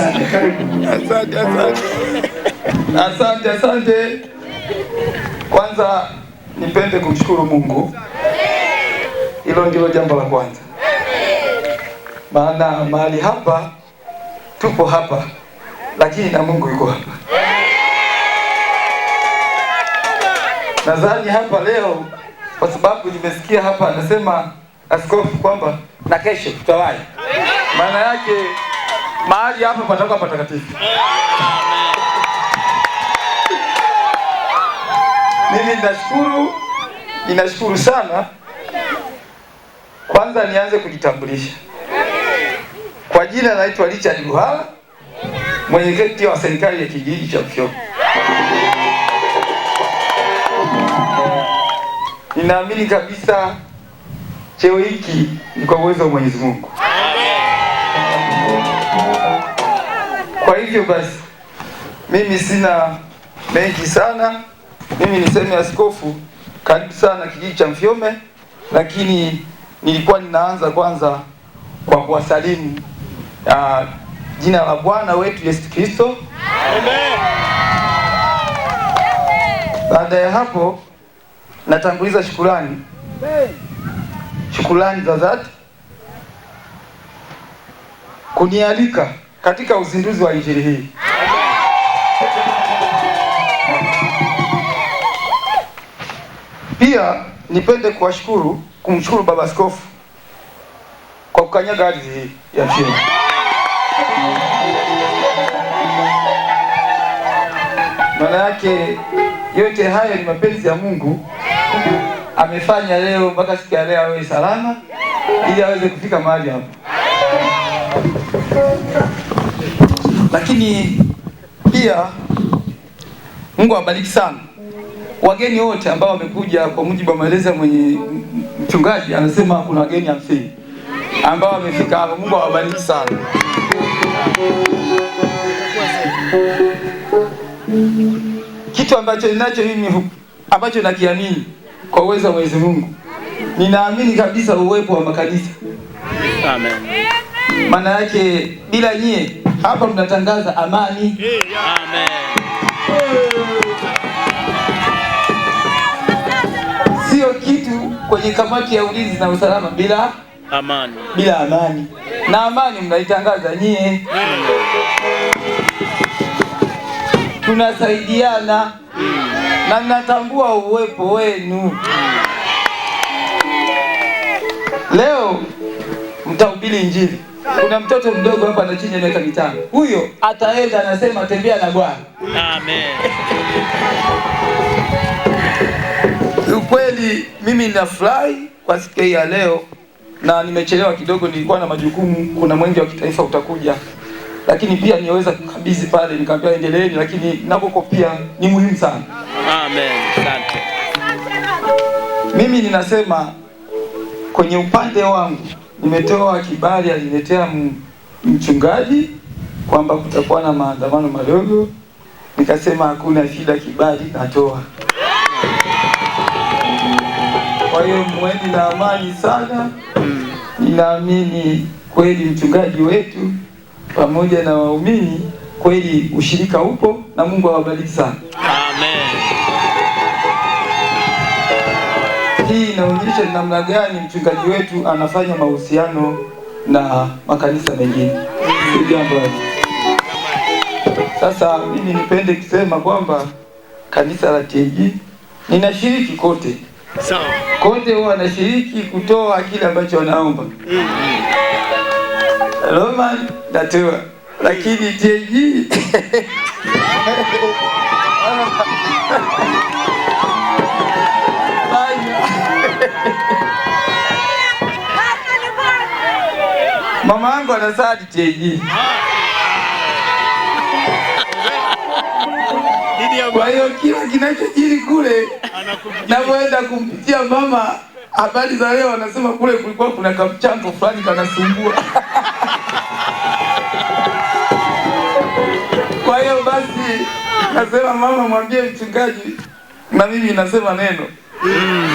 Asante, asante, asante, asante, Kwanza nipende kumshukuru Mungu, hilo ndilo jambo la kwanza, maana mahali hapa tupo hapa, lakini na Mungu yuko hapa. Nadhani hapa leo kwa sababu nimesikia hapa anasema askofu kwamba na kesho tutawahi, maana yake mahali hapa patakuwa patakatifu. Mimi ninashukuru, ninashukuru sana. Kwanza nianze kujitambulisha kwa jina, naitwa Richard Ruhala, mwenyekiti wa serikali ya kijiji cha Ufyongo. Ninaamini kabisa cheo hiki ni kwa uwezo wa Mwenyezi Mungu. Kwa hivyo basi, mimi sina mengi sana. Mimi ni sehemu askofu, karibu sana kijiji cha Mfyome, lakini nilikuwa ninaanza kwanza kwa kuwasalimu uh, jina la Bwana wetu Yesu Kristo. Baada ya hapo natanguliza shukurani, shukurani za dhati kunialika katika uzinduzi wa injili hii. Pia nipende kuwashukuru kumshukuru Baba Askofu kwa kukanyaga ardhi hii ya Msheni. Maana yake yote hayo ni mapenzi ya Mungu, amefanya leo mpaka siku ya leo awe salama, ili aweze kufika mahali hapo. Lakini pia Mungu awabariki sana wageni wote ambao wamekuja. Kwa mujibu wa maelezo ya mwenye mchungaji, anasema kuna wageni hamsini ambao wamefika hapa. Mungu awabariki sana. Kitu ambacho ninacho mimi ambacho nakiamini kwa uwezo wa Mwenyezi Mungu, ninaamini kabisa uwepo wa makanisa. Amen. Maana yake bila nyie hapa mnatangaza amani. Sio kitu kwenye kamati ya ulinzi na usalama bila amani, bila amani na amani mnaitangaza nyie. Tunasaidiana na natambua uwepo wenu. Leo mtahubiri Injili. Kuna mtoto mdogo hapa na chini ya miaka mitano, huyo ataenda anasema tembea na Bwana. Amen. Ukweli mimi ninafurahi kwa siku ya leo, na nimechelewa kidogo, nilikuwa na majukumu, kuna mwenge wa kitaifa utakuja, lakini pia niweza kukabidhi pale, nikamwambia endeleeni, lakini nakoko pia ni muhimu sana. Amen. Asante. Mimi ninasema kwenye upande wangu nimetoa kibali, aliletea mchungaji kwamba kutakuwa na maandamano madogo, nikasema hakuna shida, kibali natoa. Kwa hiyo mwendi na amani sana. Ninaamini kweli mchungaji wetu pamoja na waumini kweli ushirika upo, na Mungu awabariki sana. inatufundisha ni namna gani mchungaji wetu anafanya mahusiano na makanisa mengine, sasa. Mimi nipende kusema kwamba kanisa la TG ninashiriki kote, sawa, kote huwa anashiriki kutoa kile ambacho wanaomba Roman natoa, lakini TAG Mama yangu anasali TAG. Kwa hiyo kila kinachojiri kule napoenda kumpitia mama habari za leo, anasema kule kulikuwa kuna kamchango fulani kanasumbua. Kwa hiyo basi nasema mama, mwambie mchungaji na mimi nasema neno mm.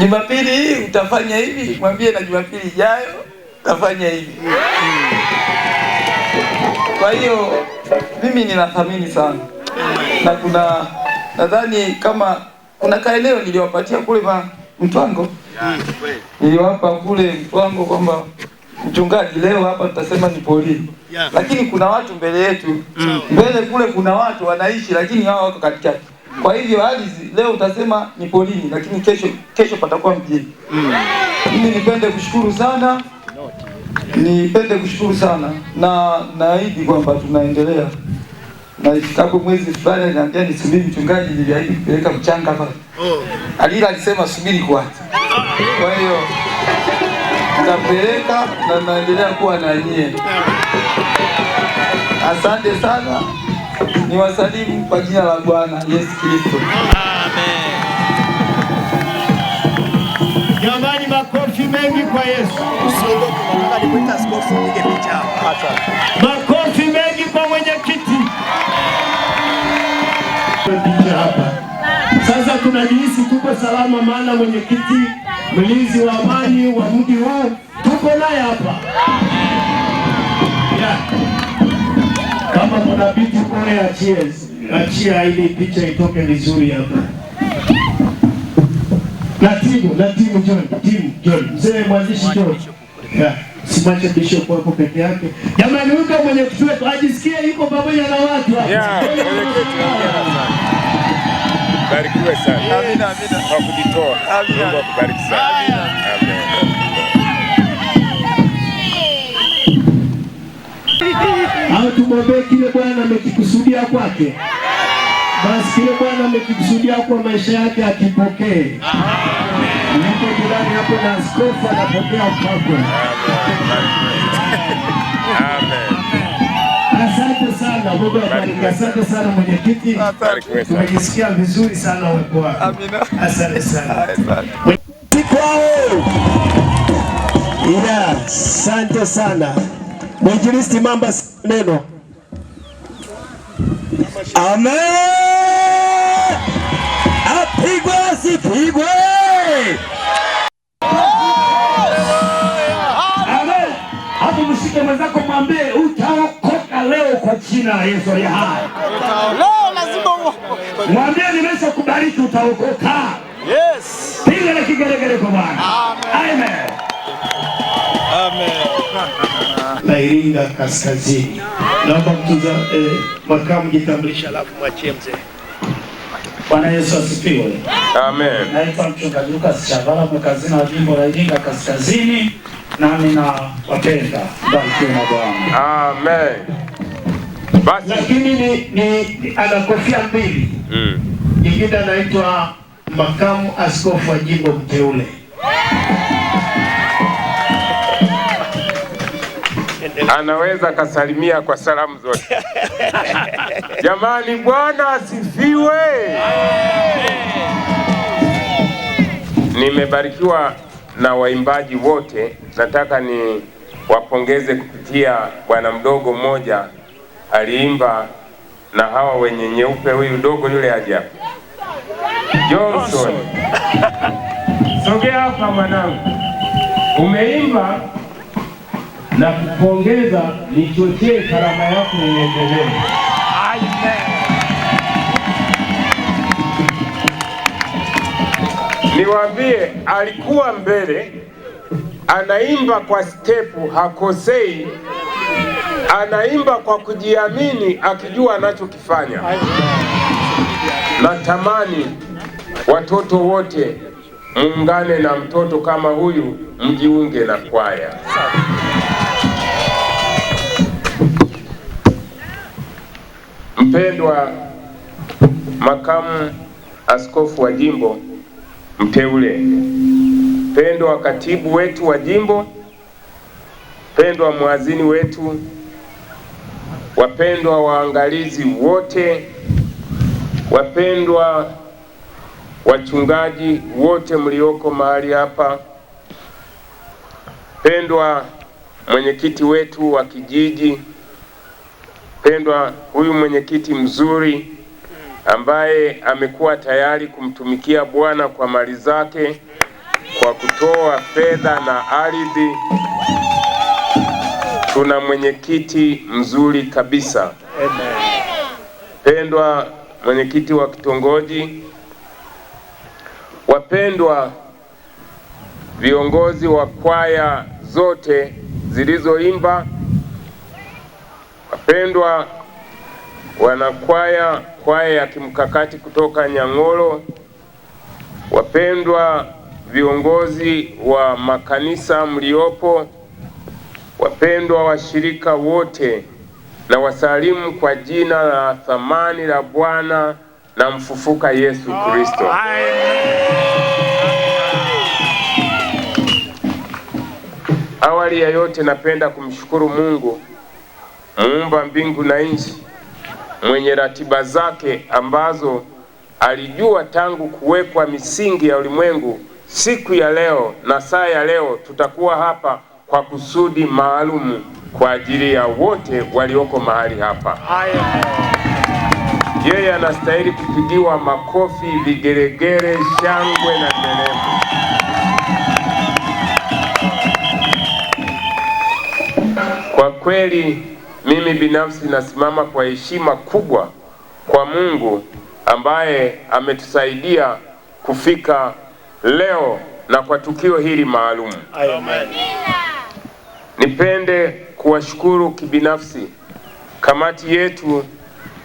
Jumapili hii utafanya hivi, mwambie na Jumapili ijayo utafanya hivi. Kwa hiyo mimi ninathamini sana, na kuna nadhani kama kuna kaeneo niliwapatia kule Mtwango, niliwapa kule Mtwango kwamba mchungaji, leo hapa tutasema ni polini, lakini kuna watu mbele yetu, mm. mbele kule kuna watu wanaishi, lakini hawa wako katikati kwa hivyo ardhi leo utasema ni polini, lakini kesho kesho patakuwa mjini. Mm. Mimi nipende kushukuru sana, nipende kushukuru sana na naahidi kwamba tunaendelea na ifikapo mwezi fulani ananiambia nisubiri mchungaji, niliahidi kupeleka mchanga hapa. Oh. Alila alisema subiri kwanza. Kwa hiyo napeleka na naendelea kuwa na nyie. Asante sana ni wasalimu kwa jina la Bwana Yesu Kristo. Amen. Jamani, makofi mengi kwa Yesu. Makofi mengi kwa mwenyekiti. Sasa tunajihisi tuko salama, maana mwenyekiti mlinzi wa amani wa mji huu tuko naye hapa yeah kama kuna vitu kore, achie achia ili picha itoke vizuri hapa. Na timu na timu John, timu John, mzee mwandishi John, simache bishop hapo peke yake. Jamani, huyu kama mwenye kutuwetu ajisikia yuko pamoja na watu hapa. Yeah, Barikiwe sana. Amina, amina. Kwa kujitoa. Amina. Mungu akubariki sana. Amina. au tumwombee kile Bwana amekikusudia kwake, basi kile Bwana amekikusudia kwa maisha yake akipokee. Niko jirani hapo na askofu anapokea kwako. Asante sana Mungu akubariki. Asante sana mwenyekiti, tumejisikia vizuri sana uwepo wako. Asante sana kwao. ila asante sana mwinjilisti Mamba neno Amen. Apigwe asipigwe. Amen. Hapo mshike mwenzako mwambie utaokoka leo kwa jina la Yesu ya hai. Leo lazima mwambie nimeshakubariki utaokoka. Yes. Piga na kigeregere kwa Bwana. Amen. Amen. Amen na Iringa Kaskazini. Naomba mtuza eh, makamu jitambulisha, alafu mwachie mzee. Bwana Yesu asifiwe. Amen. Naitwa mchungaji Lucas Chavala, mkazi wa jimbo la Iringa Kaskazini, nami nawapenda. Barikiwe na Bwana. Amen. Basi lakini ni, ni, ni ana kofia mbili. Mm. Nyingine anaitwa makamu askofu wa jimbo mteule. yeah. anaweza akasalimia kwa salamu zote. Jamani, Bwana asifiwe! Nimebarikiwa na waimbaji wote. Nataka ni wapongeze kupitia bwana mdogo mmoja aliimba na hawa wenye nyeupe, huyu dogo yule aja Johnson, sogea hapa mwanangu, umeimba na kupongeza, nichochee karama yako iendelee. Niwaambie, alikuwa mbele, anaimba kwa stepu, hakosei, anaimba kwa kujiamini, akijua anachokifanya. Natamani watoto wote muungane na mtoto kama huyu, mjiunge na kwaya. Mpendwa makamu askofu wa jimbo mteule, mpendwa katibu wetu wa jimbo, mpendwa mwazini wetu, wapendwa waangalizi wote, wapendwa wachungaji wote mlioko mahali hapa, pendwa mwenyekiti wetu wa kijiji, pendwa huyu mwenyekiti mzuri ambaye amekuwa tayari kumtumikia Bwana kwa mali zake kwa kutoa fedha na ardhi. Tuna mwenyekiti mzuri kabisa. Pendwa mwenyekiti wa kitongoji Wapendwa viongozi wa kwaya zote zilizoimba, wapendwa wanakwaya, kwaya ya kimkakati kutoka nyang'olo wapendwa viongozi wa makanisa mliopo, wapendwa washirika wote, na wasalimu kwa jina la thamani la Bwana na mfufuka Yesu Kristo. Awali ya yote napenda kumshukuru Mungu muumba mbingu na nchi, mwenye ratiba zake ambazo alijua tangu kuwekwa misingi ya ulimwengu. Siku ya leo na saa ya leo tutakuwa hapa kwa kusudi maalumu kwa ajili ya wote walioko mahali hapa. Yeye anastahili kupigiwa makofi, vigeregere, shangwe na kweli mimi binafsi nasimama kwa heshima kubwa kwa Mungu ambaye ametusaidia kufika leo na kwa tukio hili maalum. Amen. Nipende kuwashukuru kibinafsi kamati yetu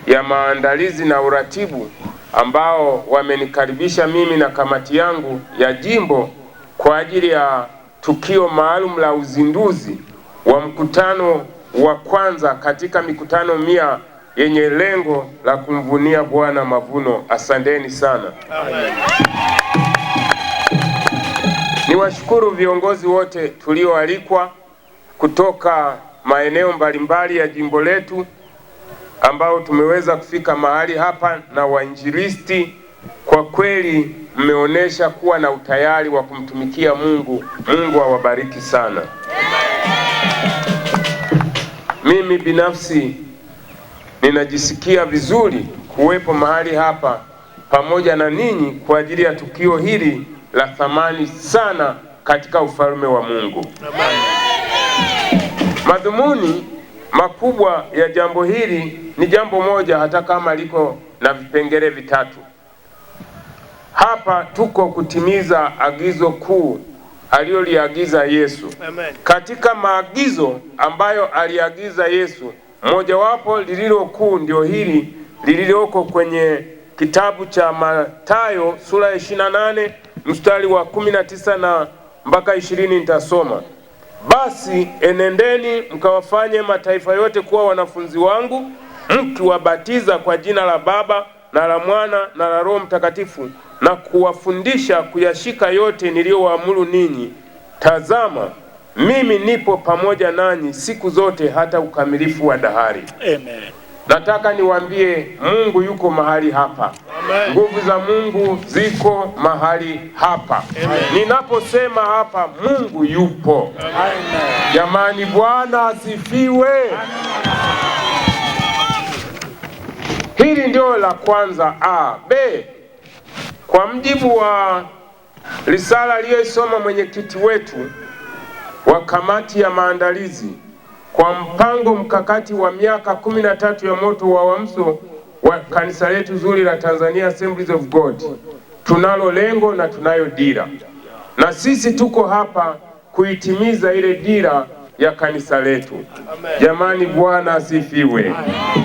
ya maandalizi na uratibu ambao wamenikaribisha mimi na kamati yangu ya jimbo kwa ajili ya tukio maalum la uzinduzi wa mkutano wa kwanza katika mikutano mia yenye lengo la kumvunia Bwana mavuno. Asanteni sana Niwashukuru viongozi wote tulioalikwa kutoka maeneo mbalimbali ya jimbo letu ambao tumeweza kufika mahali hapa, na wainjilisti, kwa kweli mmeonyesha kuwa na utayari wa kumtumikia Mungu. Mungu awabariki sana. Mimi binafsi ninajisikia vizuri kuwepo mahali hapa pamoja na ninyi kwa ajili ya tukio hili la thamani sana katika ufalme wa Mungu. Madhumuni makubwa ya jambo hili ni jambo moja, hata kama liko na vipengele vitatu. Hapa tuko kutimiza agizo kuu aliyoliagiza Yesu. Amen. Katika maagizo ambayo aliagiza Yesu, mojawapo lililo kuu ndio hili lililoko kwenye kitabu cha Mathayo sura ya 28 mstari wa 19 na mpaka ishirini nitasoma. Basi enendeni mkawafanye mataifa yote kuwa wanafunzi wangu, mkiwabatiza kwa jina la Baba na la Mwana na la Roho Mtakatifu na kuwafundisha kuyashika yote niliyowaamuru ninyi, tazama mimi nipo pamoja nanyi siku zote hata ukamilifu wa dahari. Amen. Nataka niwaambie Mungu yuko mahali hapa. Amen. Nguvu za Mungu ziko mahali hapa. Amen. Ninaposema hapa Mungu yupo. Amen. Jamani, Bwana asifiwe. Amen. Hili ndio la kwanza A. B kwa mjibu wa risala aliyoisoma mwenyekiti wetu wa kamati ya maandalizi kwa mpango mkakati wa miaka kumi na tatu ya moto wa wamso wa kanisa letu zuri la Tanzania Assemblies of God, tunalo lengo na tunayo dira, na sisi tuko hapa kuitimiza ile dira ya kanisa letu. Jamani, Bwana asifiwe.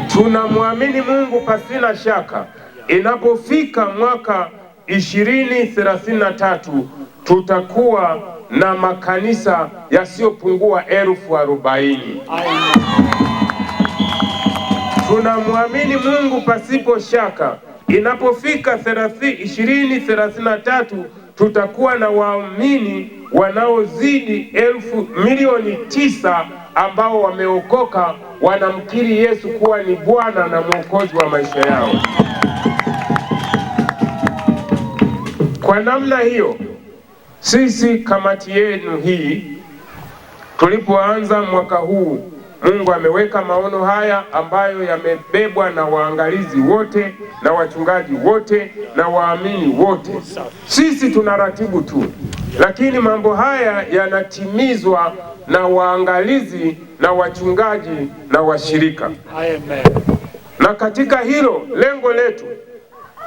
Tunamwamini Mungu pasina shaka, inapofika mwaka 2033 tutakuwa na makanisa yasiyopungua elfu arobaini. Tunamwamini Mungu pasipo shaka, inapofika ishirini thelathini tutakuwa na waamini wanaozidi elfu milioni tisa ambao wameokoka wanamkiri Yesu kuwa ni Bwana na Mwokozi wa maisha yao. namna hiyo, sisi kamati yenu hii tulipoanza mwaka huu, Mungu ameweka maono haya ambayo yamebebwa na waangalizi wote na wachungaji wote na waamini wote. Sisi tunaratibu tu, lakini mambo haya yanatimizwa na waangalizi na wachungaji na washirika. Amen. Na katika hilo lengo letu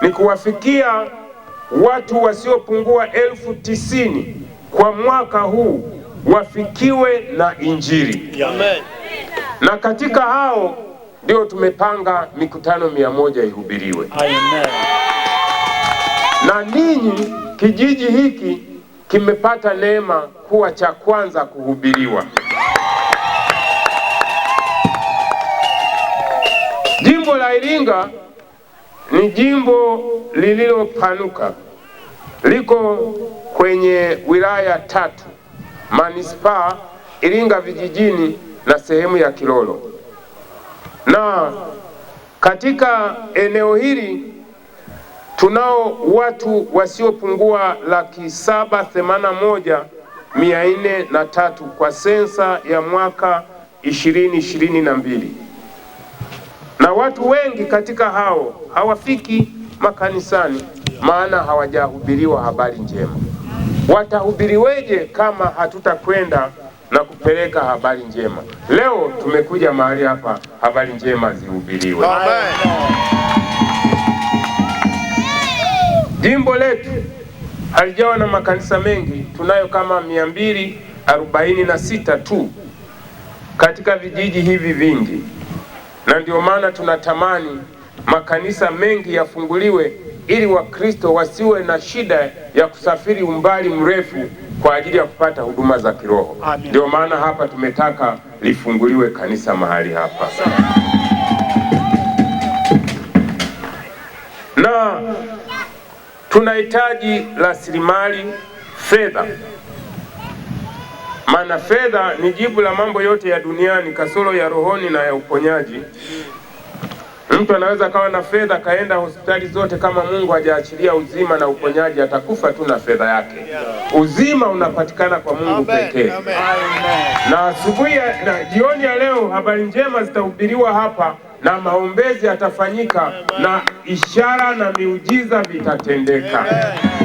ni kuwafikia watu wasiopungua elfu tisini kwa mwaka huu wafikiwe na Injili. Amen. Na katika hao ndio tumepanga mikutano mia moja ihubiriwe. Amen. Na ninyi kijiji hiki kimepata neema kuwa cha kwanza kuhubiriwa. Jimbo la Iringa ni jimbo lililopanuka, liko kwenye wilaya tatu, manispaa Iringa vijijini na sehemu ya Kilolo. Na katika eneo hili tunao watu wasiopungua laki saba themanini na moja mia nne na tatu kwa sensa ya mwaka ishirini ishirini na mbili na watu wengi katika hao hawafiki makanisani, maana hawajahubiriwa habari njema. Watahubiriweje kama hatutakwenda na kupeleka habari njema? Leo tumekuja mahali hapa, habari njema zihubiriwe. Jimbo letu halijawa na makanisa mengi, tunayo kama mia mbili arobaini na sita tu katika vijiji hivi vingi na ndio maana tunatamani makanisa mengi yafunguliwe ili Wakristo wasiwe na shida ya kusafiri umbali mrefu kwa ajili ya kupata huduma za kiroho. Ndio maana hapa tumetaka lifunguliwe kanisa mahali hapa. Na tunahitaji rasilimali fedha maana fedha ni jibu la mambo yote ya duniani kasoro ya rohoni na ya uponyaji. Mtu anaweza akawa na fedha kaenda hospitali zote, kama Mungu hajaachilia uzima na uponyaji, atakufa tu na fedha yake. Uzima unapatikana kwa Mungu pekee. Na asubuhi na jioni ya leo habari njema zitahubiriwa hapa na maombezi yatafanyika na ishara na miujiza vitatendeka. Amen.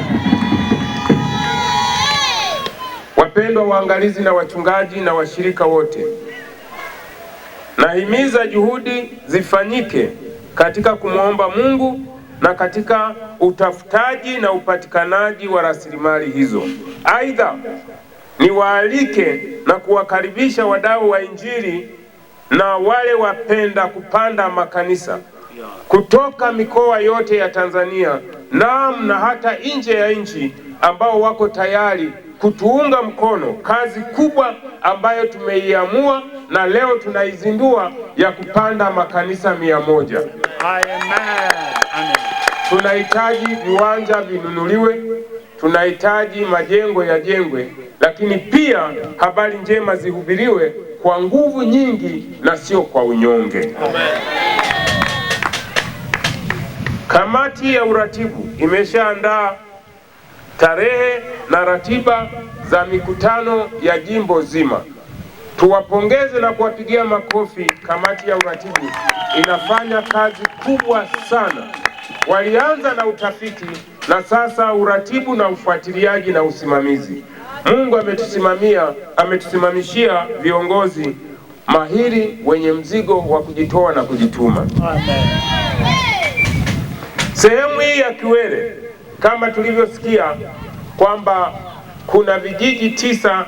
wapendwa waangalizi na wachungaji na washirika wote, nahimiza juhudi zifanyike katika kumwomba Mungu na katika utafutaji na upatikanaji wa rasilimali hizo. Aidha, niwaalike na kuwakaribisha wadau wa Injili na wale wapenda kupanda makanisa kutoka mikoa yote ya Tanzania, naam, na hata nje ya nchi ambao wako tayari kutuunga mkono kazi kubwa ambayo tumeiamua na leo tunaizindua ya kupanda makanisa mia moja. Tunahitaji viwanja vinunuliwe, tunahitaji majengo yajengwe, lakini pia habari njema zihubiriwe kwa nguvu nyingi na sio kwa unyonge. Amen. Kamati ya uratibu imeshaandaa tarehe na ratiba za mikutano ya jimbo zima. Tuwapongeze na kuwapigia makofi. Kamati ya uratibu inafanya kazi kubwa sana. Walianza na utafiti na sasa uratibu na ufuatiliaji na usimamizi. Mungu ametusimamia, ametusimamishia viongozi mahiri wenye mzigo wa kujitoa na kujituma. Amen. Sehemu hii ya Kiwele kama tulivyosikia kwamba kuna vijiji tisa,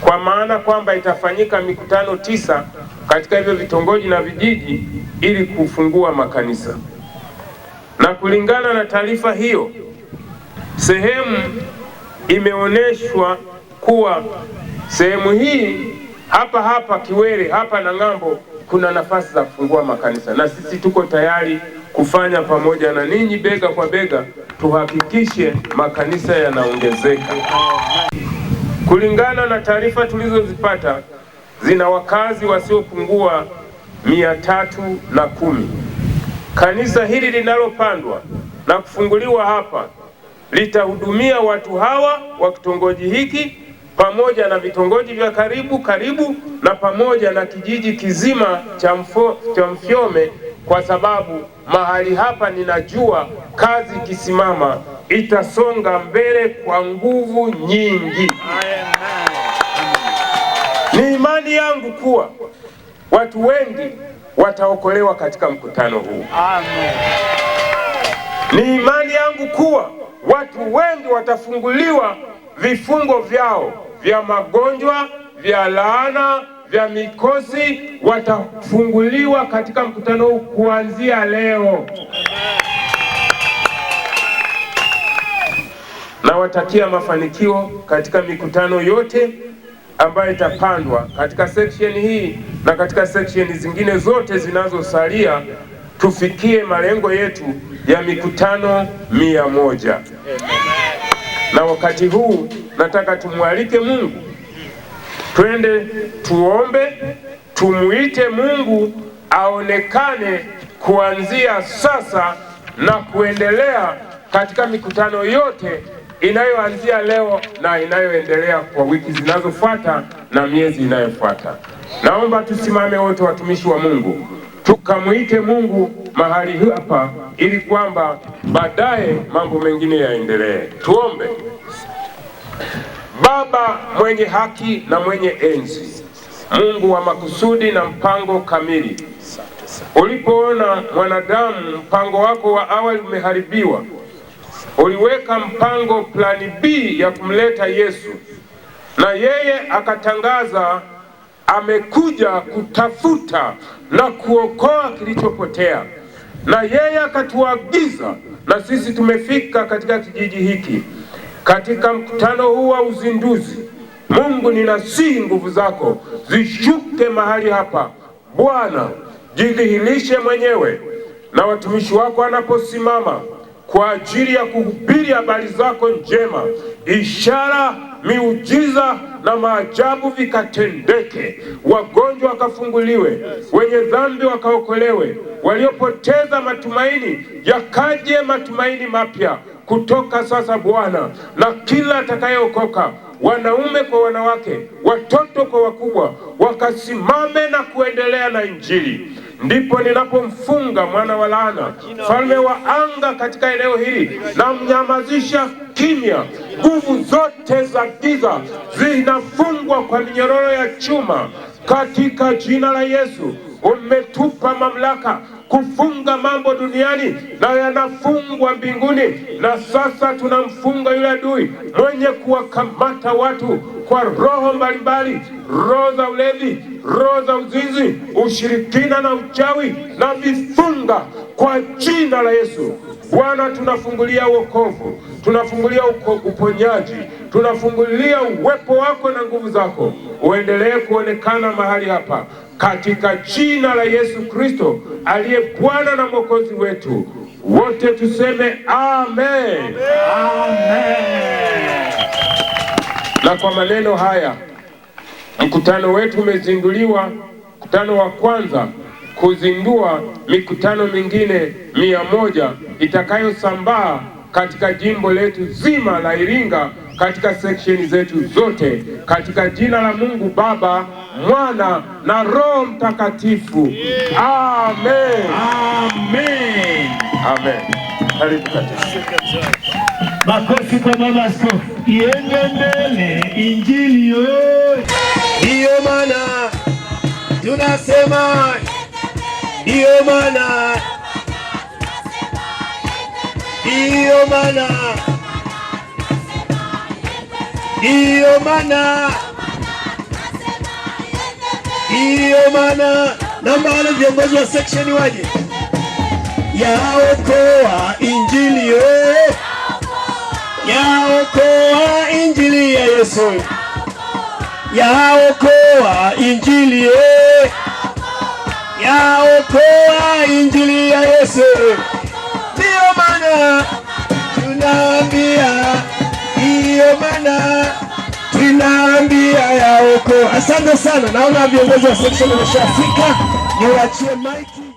kwa maana kwamba itafanyika mikutano tisa katika hivyo vitongoji na vijiji ili kufungua makanisa, na kulingana na taarifa hiyo, sehemu imeonyeshwa kuwa sehemu hii hapa hapa Kiwele hapa na ng'ambo kuna nafasi za kufungua makanisa, na sisi tuko tayari kufanya pamoja na ninyi bega kwa bega tuhakikishe makanisa yanaongezeka. Kulingana na taarifa tulizozipata, zina wakazi wasiopungua mia tatu na kumi. Kanisa hili linalopandwa na kufunguliwa hapa litahudumia watu hawa wa kitongoji hiki pamoja na vitongoji vya karibu karibu na pamoja na kijiji kizima cha Mfyome kwa sababu mahali hapa ninajua kazi ikisimama itasonga mbele kwa nguvu nyingi. Ni imani yangu kuwa watu wengi wataokolewa katika mkutano huu. Ni imani yangu kuwa watu wengi watafunguliwa vifungo vyao vya magonjwa, vya laana vya mikosi watafunguliwa katika mkutano huu kuanzia leo. Nawatakia mafanikio katika mikutano yote ambayo itapandwa katika section hii na katika section zingine zote zinazosalia, tufikie malengo yetu ya mikutano mia moja. Na wakati huu nataka tumwalike Mungu Twende tuombe, tumuite Mungu aonekane kuanzia sasa na kuendelea katika mikutano yote inayoanzia leo na inayoendelea kwa wiki zinazofuata na miezi inayofuata. Naomba tusimame wote, watumishi wa Mungu, tukamwite Mungu mahali hapa, ili kwamba baadaye mambo mengine yaendelee. Tuombe. Baba mwenye haki na mwenye enzi, Mungu wa makusudi na mpango kamili, ulipoona mwanadamu mpango wako wa awali umeharibiwa, uliweka mpango plani B ya kumleta Yesu, na yeye akatangaza amekuja kutafuta na kuokoa kilichopotea, na yeye akatuagiza, na sisi tumefika katika kijiji hiki katika mkutano huu wa uzinduzi, Mungu ninasihi nguvu zako zishuke mahali hapa. Bwana, jidhihirishe mwenyewe na watumishi wako wanaposimama kwa ajili ya kuhubiri habari zako njema, ishara, miujiza na maajabu vikatendeke, wagonjwa wakafunguliwe, wenye dhambi wakaokolewe, waliopoteza matumaini yakaje matumaini mapya kutoka sasa Bwana, na kila atakayeokoka wanaume kwa wanawake, watoto kwa wakubwa, wakasimame na kuendelea na Injili. Ndipo ninapomfunga mwana wa laana, mfalme wa anga katika eneo hili, na mnyamazisha kimya. Nguvu zote za giza zinafungwa kwa minyororo ya chuma katika jina la Yesu. Umetupa mamlaka kufunga mambo duniani na yanafungwa mbinguni. Na sasa tunamfunga yule adui mwenye kuwakamata watu kwa roho mbalimbali, roho za ulevi, roho za uzinzi, ushirikina na uchawi, na vifunga kwa jina la Yesu. Bwana, tunafungulia wokovu, tunafungulia uponyaji, tunafungulia uwepo wako na nguvu zako, uendelee kuonekana mahali hapa katika jina la Yesu Kristo aliye Bwana na Mwokozi wetu, wote tuseme amen, amen. Na kwa maneno haya mkutano wetu umezinduliwa, mkutano wa kwanza kuzindua mikutano mingine mia moja itakayosambaa katika jimbo letu zima la Iringa katika seksheni zetu zote katika jina la Mungu Baba, Mwana na Roho Mtakatifu. Amen. Amen. Amen. Karibu katika makofi kwa mama Askofu, iende mbele injili yote. Ndiyo maana tunasema, hiyo maana, ndiyo maana Ndiyo maana ndiyo maana namba wale viongozi wa section waje, yaokoa injili we, yaokoa injili ya Yesu, yaokoa injili we, yaokoa injili ya Yesu. Ndiyo maana tunaambia Ndiyo maana tunaambia ya uko. Asante sana, naona viongozi wa section wameshafika, niwaachie mic.